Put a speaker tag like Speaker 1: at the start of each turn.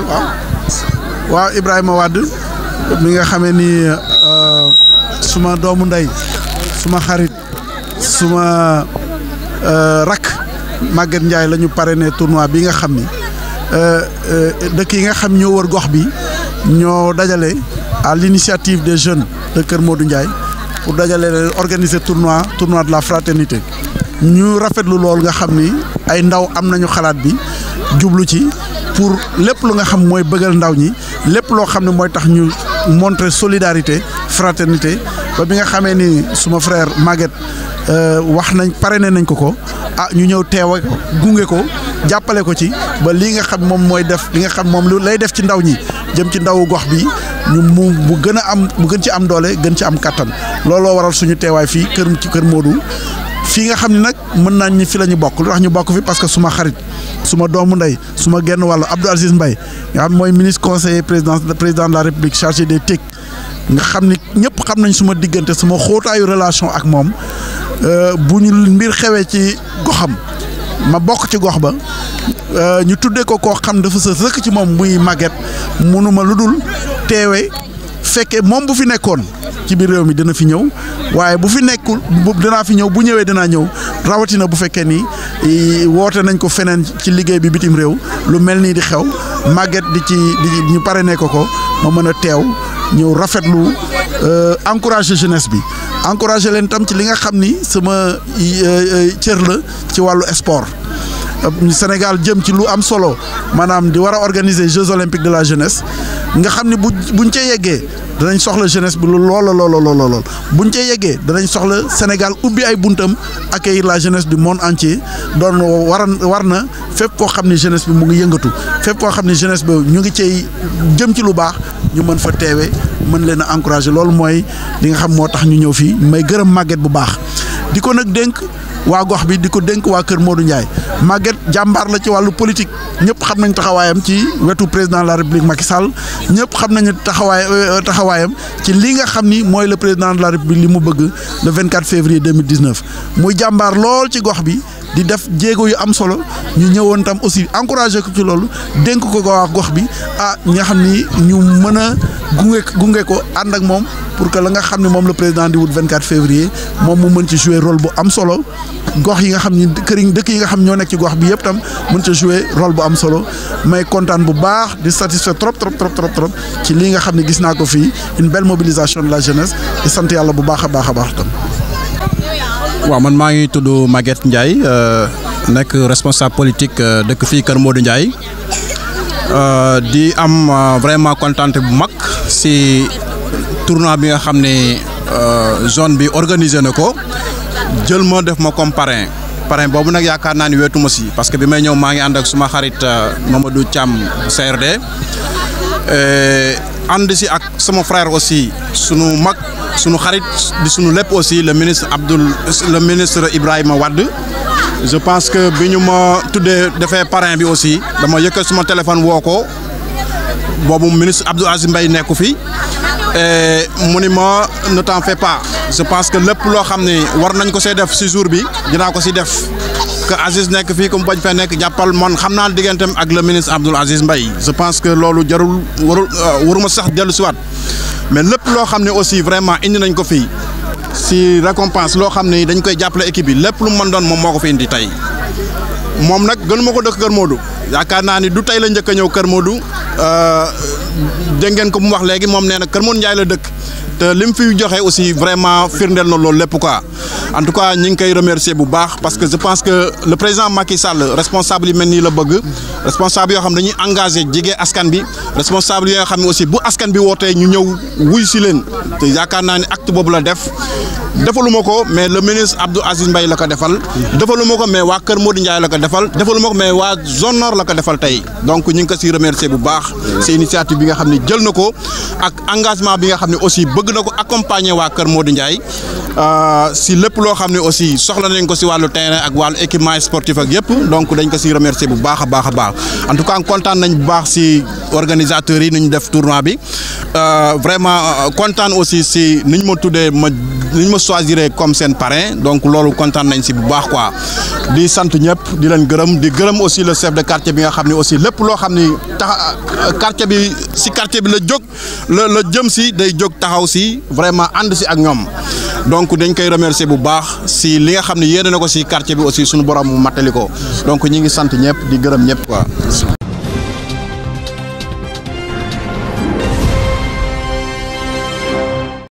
Speaker 1: ndokkeel Ibrahim Awadu, Ibrahima Wade mi nga xamee ni euh, suma doomu ndey suma xarit suma euh, rakk Maguette Ndiaye la ñu parrainé tournoi bi nga xam ni euh, dëkk yi nga xam ñoo wër gox bi ñoo dajale à l'initiative des jeunes de Kër Modou pour dajale organiser tournoi tournoi de la fraternité ñu rafetlu lool nga xam ni ay ndaw am nañu xalaat bi jublu ci pour lepp lu nga xam mooy bëggal ndaw ñi lepp loo xam ne mooy tax ñu montrer solidarité fraternité ba bi nga xamee ni suma frère Maguette euh, wax nañ parrainé nañ ko ko ah ñu ñëw teew gunge ko jàppale ko ci ba lii nga xam moom mooy def li nga xam moom lu lay def ci ndaw ñi jëm ci ndawu gox bi ñu mu am mu gën ci am doole gën ci am katan looloo waral suñu teewaay fii kër ci kër Modou fi nga xamni nak mën nañ ni fi la ñu bokk lu tax ñu bokk fi parce que suma xarit suma doomu nday suma genn walu Abdou Aziz mbay nga xam moy ministre conseiller président président de la république chargé des TIC nga xamni ñepp xam nañ suma digënté suma xóotaayu relation ak mom euh buñu mbir xewé ci goxam ma bok ci gox ba euh, ñu tuddé ko ko xam dafa se rek ci mom muy màgget munuma luddul téwé féké mom bu fi nekkoon ci bir rew mi dina fi ñew waye bu fi nekkul dina fi ñew bu dina ñew rawati na bu fekké ni woote nañ ko fenen ci liggéey bi bitim rew lu melni di xew maget di ci di ñu pare ne ko ko ma mën a teew ñëw euh encourager jeunesse bi encourager len tam ci li nga xamni sama e, e, cieur la ci walu sport. Sénégal jëm ci lu am solo manam di wara organiser Jeux olympiques de la jeunesse nga xamni buñ ci yeggé danañ soxla jeunesse bi lool lool lool lool buñ ci yeggé soxla Sénégal ubbi ay buntam accueillir la jeunesse du monde entier don war war na fépp jeunesse bi mu ngi yëngatu fépp ko xamni jeunesse bi ñu ngi ci jëm ci lu baax ñu mën fa téwé mën leen encourager lool moy li nga xam ñu ñëw fi may gëreum bu baax diko nak denk wa gox bi diko denk wa Modou jambar la ci walu politique ñëpp xam nañ taxawaayam ci wetu président de la république Macky Sall ñëpp xam nañu taxawaay euh, taxawaayam ci li nga xam ni mooy le président de la république li mu bëgg le 24 février 2019 muy jàmbaar lool ci gox bi. di def jéego yu am solo ñu ñëwoon tam aussi encourager ko ci loolu dénk ko waa gox bi ah ñi nga xam ñu mëna a gunge ko and ak mom pour que la nga xamni mom le président di wut 24 février mom mu mën ci jouer rôle bu am solo gox yi nga xamni ni këriñ dëkk yi nga xam ñoo nekk ci gox bi yëpp tam mën ci jouer rôle bu am solo may kontaan bu baax di satisfait trop trop trop trop trop ci li nga xamni gis naa ko fii une belle mobilisation de la jeunesse di sant yàlla bu baax a baax a baax tam.
Speaker 2: waaw man maa ngi tudd Maguette Ndiaye euh, nekk responsable politique euh, dëkk fii Kër Modou Ndiaye euh, di am vraiment kontaan bu mag si tournoi bi nga xam ne zone bi organisé na ko jël ma def ma comme parrain parrain boobu nag yaakaar naa ni weetuma si parce que bi may ñëw maa ngi ànd ak suma xarit moom Mamadou Thiam CRD. ànd ak sama frère aussi sunu mag sunu sunu aussi le ministre le ministre Ibrahima je pense que bi ma faire parrain bi aussi dama que sama téléphone woko bobu ministre Abdou Aziz Mbaye nekku fi ne t'en fais pas je pense que le pouvoir xam war nañ ko def jour bi def que Aziz nek fi comme bañ fee nek jappal man xamna digentem ak le ministre Abdoul Aziz Mbaye je pense que lolu jarul euh, waruma sax delu ci wat mais lepp lo xam aussi vraiment indi nañ ko fi si récompense lo xam dañ koy jàppale équipe bi lepp lu mën don mom moko fi indi tay mom nak gën mako ko dëkk Kër Modou yaakaar naa ni du tay la ñëk a ñëw Kër Modou euh ngeen ko mu wax léegi mom nee Kër Modou ñay la dëkk te li joxe aussi vraiment firndel na loolu lépp quoi en tout cas ñing koy remercier bu baax parce que je pense que le président Macky Sall responsable yi le la bëgg responsable yo xam dañuy engagé jege askan bi responsable yo xam aussi bu askan bi woté ñu ñëw wuy si leen te yaakaar acte bobu la def defaluma ko mais le ministre Abdou Aziz Mbaye la ko defal defaluma ko mais wa Kër Modou Ndiaye la ko defal defaluma ko mais wa zone nord la ko defal tey donc ñing ko ci remercier bu baax si initiative bi nga xam jël nako ak engagement bi nga xam aussi bëgg na ko accompagner waa kër Modou Ndiaye Euh, si lepp lo xamni aussi soxla nañ ko ci walu terrain ak walu équipement sportif ak yépp donc dañ ko ci remercier bu baax a baax en tout cas content nañ bu baax si organisateur yi ni ñu def tournoi bi euh, vraiment content euh, aussi si ni ñu ma tuddee ma ni ñu ma choisiré comme sen parrain donc lolu content nañ ci bu baax quoi di sante ñëpp di leen gërëm di gërëm aussi le chef de quartier bi nga xamni aussi lepp lo xamni quartier bi si quartier bi la jog le jëm si day jog taxaw si vraiment and si ak ñom donc dañ koy remercier bu baax si li nga xam ne yéene na ko si quartier bi aussi suñu borom mu mattali ko donc ñi ngi sant ñëpp di gërëm ñëpp ko